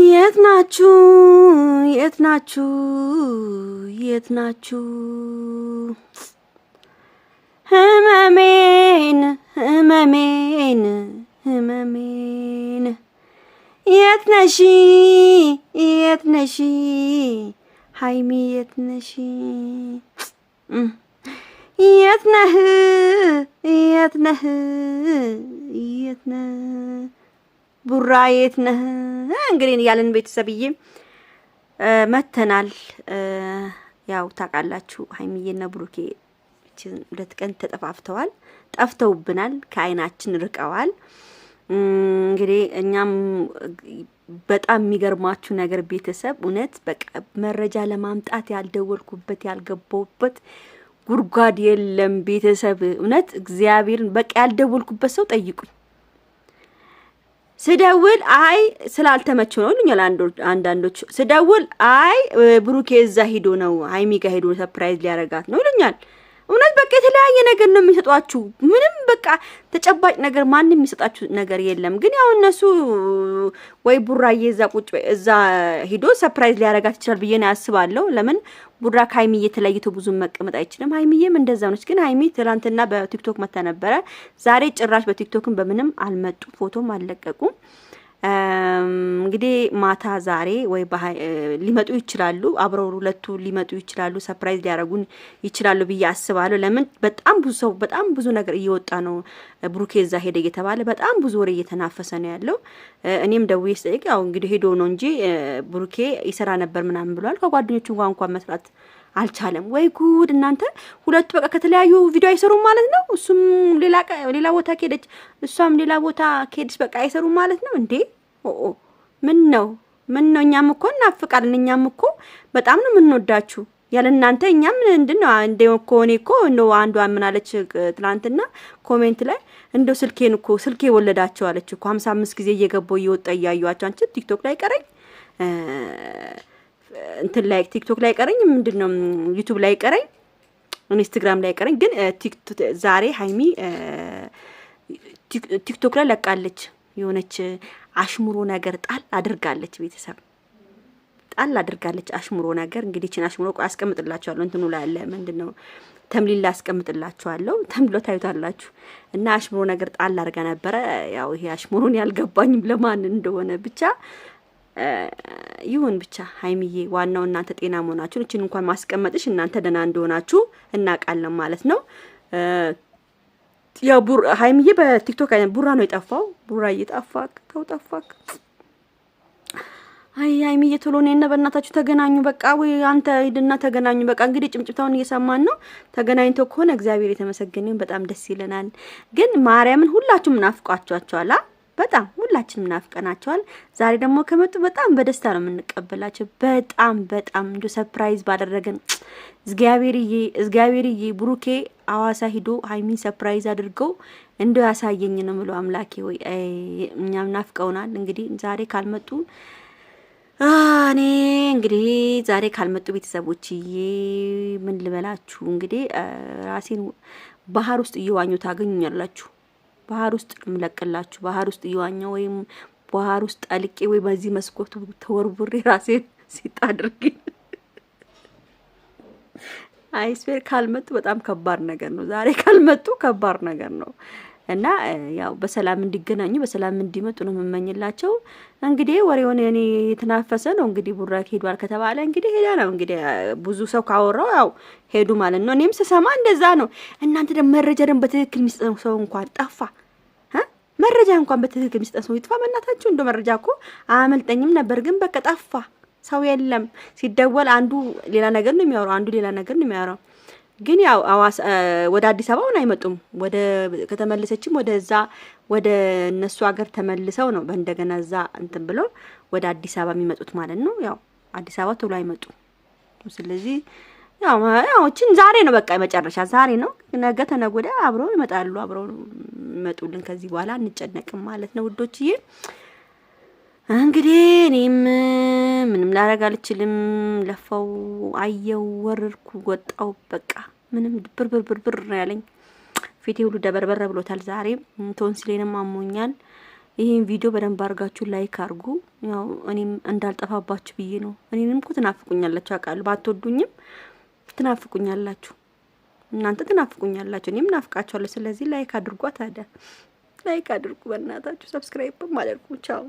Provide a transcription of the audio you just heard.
የት ናችሁ? የት ናችሁ? የት ናችሁ? ህመሜን ህመሜን ህመሜን የት ነሺ? የት ነሺ? ሀይሚ የት ነሺ? የት ነህ? የት ነህ? የት ነህ? ቡራ የት ነህ? እንግዲህ ያለን ቤተሰብዬ መተናል። ያው ታውቃላችሁ ሀይሚዬና ብሩኬ ሁለት ቀን ተጠፋፍተዋል፣ ጠፍተውብናል፣ ከአይናችን ርቀዋል። እንግዲህ እኛም በጣም የሚገርማችሁ ነገር ቤተሰብ እውነት በቃ መረጃ ለማምጣት ያልደወልኩበት ያልገባሁበት ጉድጓድ የለም። ቤተሰብ እውነት እግዚአብሔርን በቃ ያልደወልኩበት ሰው ጠይቁኝ። ስደውል አይ ስላልተመቸው ነው ይሉኛል አንዳንዶች። ስደውል አይ ብሩኬ እዛ ሂዶ ነው ሀይሚ ጋ ሂዶ ሰርፕራይዝ ሊያረጋት ነው ይሉኛል። እውነት በቃ የተለያየ ነገር ነው የሚሰጧችሁ ምንም በቃ ተጨባጭ ነገር ማንም የሚሰጣችሁ ነገር የለም። ግን ያው እነሱ ወይ ቡራዬ እዛ ቁጭ እዛ ሂዶ ሰፕራይዝ ሊያረጋት ይችላል ብዬ ነው ያስባለሁ። ለምን ቡራ ከሀይሚዬ ተለያይቶ ብዙ መቀመጥ አይችልም። ሀይሚዬም እንደዛ ነች። ግን ሀይሚ ትላንትና በቲክቶክ መታ ነበረ። ዛሬ ጭራሽ በቲክቶክም በምንም አልመጡ ፎቶም አልለቀቁም። እንግዲህ ማታ ዛሬ ወይ ሊመጡ ይችላሉ፣ አብረው ሁለቱ ሊመጡ ይችላሉ፣ ሰፕራይዝ ሊያደርጉን ይችላሉ ብዬ አስባለሁ። ለምን በጣም ብዙ ሰው በጣም ብዙ ነገር እየወጣ ነው። ብሩኬ እዛ ሄደ እየተባለ በጣም ብዙ ወሬ እየተናፈሰ ነው ያለው። እኔም ደውዬ ስጠይቅ ያው እንግዲህ ሄዶ ነው እንጂ ብሩኬ ይሰራ ነበር ምናምን ብሏል። ከጓደኞቹ እንኳ እንኳን መስራት አልቻለም። ወይ ጉድ እናንተ ሁለቱ በቃ ከተለያዩ ቪዲዮ አይሰሩም ማለት ነው። እሱም ሌላ ቦታ ከሄደች፣ እሷም ሌላ ቦታ ከሄደች፣ በቃ አይሰሩም ማለት ነው እንዴ! ምን ነው ምን ነው? እኛም እኮ እናፍቃለን። እኛም እኮ በጣም ነው የምንወዳችሁ። ያለ እናንተ እኛም ምንድን ነው እንደ ከሆኔ እኮ እንደው አንዷ ምናለች ትላንትና ኮሜንት ላይ እንደው ስልኬን እኮ ስልኬ ወለዳቸው አለች እኮ ሀምሳ አምስት ጊዜ እየገባው እየወጣ እያዩቸው አንቺ ቲክቶክ ላይ ቀረኝ እንትን ላይ ቲክቶክ ላይ ቀረኝ ምንድን ነው ዩቱብ ላይ ቀረኝ ኢንስትግራም ላይ ቀረኝ። ግን ዛሬ ሀይሚ ቲክቶክ ላይ ለቃለች። የሆነች አሽሙሮ ነገር ጣል አድርጋለች። ቤተሰብ ጣል አድርጋለች። አሽሙሮ ነገር እንግዲህ ችን አሽሙሮ አስቀምጥላችኋለሁ። እንትኑ ላይ ያለ ምንድን ነው ተምሊል አስቀምጥላችኋለሁ። ተምሎ ታዩታላችሁ። እና አሽሙሮ ነገር ጣል አድርጋ ነበረ። ያው ይሄ አሽሙሮን ያልገባኝም ለማን እንደሆነ ብቻ ይሁን ብቻ ሀይሚዬ፣ ዋናው እናንተ ጤና መሆናችሁን እችን እንኳን ማስቀመጥሽ እናንተ ደህና እንደሆናችሁ እናውቃለን ማለት ነው። ያው ሀይምዬ በቲክቶክ አይነት ቡራ ነው የጠፋው። ቡራ እየጠፋክ ተው ጠፋክ። አይ ሀይምዬ ቶሎ ነና በእናታችሁ ተገናኙ። በቃ ወይ አንተ ሂድና ተገናኙ። በቃ እንግዲህ ጭምጭምታውን እየሰማን ነው። ተገናኝተው ከሆነ እግዚአብሔር የተመሰገነ በጣም ደስ ይለናል። ግን ማርያምን ሁላችሁም ናፍቋቸዋቸዋላ በጣም ሁላችንም ናፍቀናቸዋል። ዛሬ ደግሞ ከመጡ በጣም በደስታ ነው የምንቀበላቸው። በጣም በጣም እንዲ ሰፕራይዝ ባደረገን እግዚአብሔርዬ፣ እግዚአብሔርዬ ብሩኬ አዋሳ ሂዶ ሀይሚን ሰፕራይዝ አድርገው እንዲ ያሳየኝ ነው ምለው አምላኬ ወይ እኛም ናፍቀውናል። እንግዲህ ዛሬ ካልመጡ እኔ እንግዲህ ዛሬ ካልመጡ ቤተሰቦችዬ ምን ልበላችሁ እንግዲህ ራሴን ባህር ውስጥ እየዋኙ ታገኙኛላችሁ። ባህር ውስጥ ነው የምለቅላችሁ። ባህር ውስጥ እየዋኘው ወይም ባህር ውስጥ አልቄ ወይ በዚህ መስኮት ተወርቡሬ ራሴን ሲጥ አድርጌ አይስፔር ካልመጡ በጣም ከባድ ነገር ነው። ዛሬ ካልመጡ ከባድ ነገር ነው። እና ያው በሰላም እንዲገናኙ በሰላም እንዲመጡ ነው የምመኝላቸው። እንግዲህ ወሬውን እኔ የተናፈሰ ነው እንግዲህ ቡራክ ሄዷል ከተባለ እንግዲህ ሄዳ ነው እንግዲህ ብዙ ሰው ካወራው ያው ሄዱ ማለት ነው። እኔም ስሰማ እንደዛ ነው። እናንተ ደግሞ መረጃ ደግሞ በትክክል የሚሰጠው ሰው እንኳን ጠፋ። መረጃ እንኳን በትክክል የሚሰጠው ሰው ይጥፋ። መናታችሁ እንደ መረጃ እኮ አያመልጠኝም ነበር፣ ግን በቃ ጠፋ። ሰው የለም። ሲደወል አንዱ ሌላ ነገር ነው የሚያወራው፣ አንዱ ሌላ ነገር ነው የሚያወራው። ግን ያው አዋሳ ወደ አዲስ አበባ ሆነ አይመጡም። ወደ ከተመለሰችም ወደዛ ወደ እነሱ ሀገር ተመልሰው ነው በእንደገና እዛ እንትን ብለው ወደ አዲስ አበባ የሚመጡት ማለት ነው። ያው አዲስ አበባ ቶሎ አይመጡ ስለዚህ ያው ያው ዛሬ ነው በቃ መጨረሻ ዛሬ ነው። ነገ ተነገ ወዲያ አብረው ይመጣሉ፣ አብረው ይመጡልን። ከዚህ በኋላ አንጨነቅም ማለት ነው ውዶችዬ። እንግዲህ እኔም ምንም ላረግ አልችልም። ለፈው፣ አየው፣ ወረርኩ ወጣው በቃ ምንም ድብር ብር ብር ነው ያለኝ። ፊቴ ሁሉ ደበርበረ ብሎታል። ዛሬ ቶንሲሌንም አሞኛል። ይሄን ቪዲዮ በደንብ አድርጋችሁ ላይክ አድርጉ። ያው እኔም እንዳልጠፋባችሁ ብዬ ነው። እኔንም እኮ ትናፍቁኛላችሁ አውቃለሁ። ባትወዱኝም ትናፍቁኛላችሁ። እናንተ ትናፍቁኛላችሁ፣ እኔም ናፍቃችኋለሁ። ስለዚህ ላይክ አድርጓ። ታዲያ ላይክ አድርጉ በእናታችሁ። ሰብስክራይብ አድርጉ። ቻው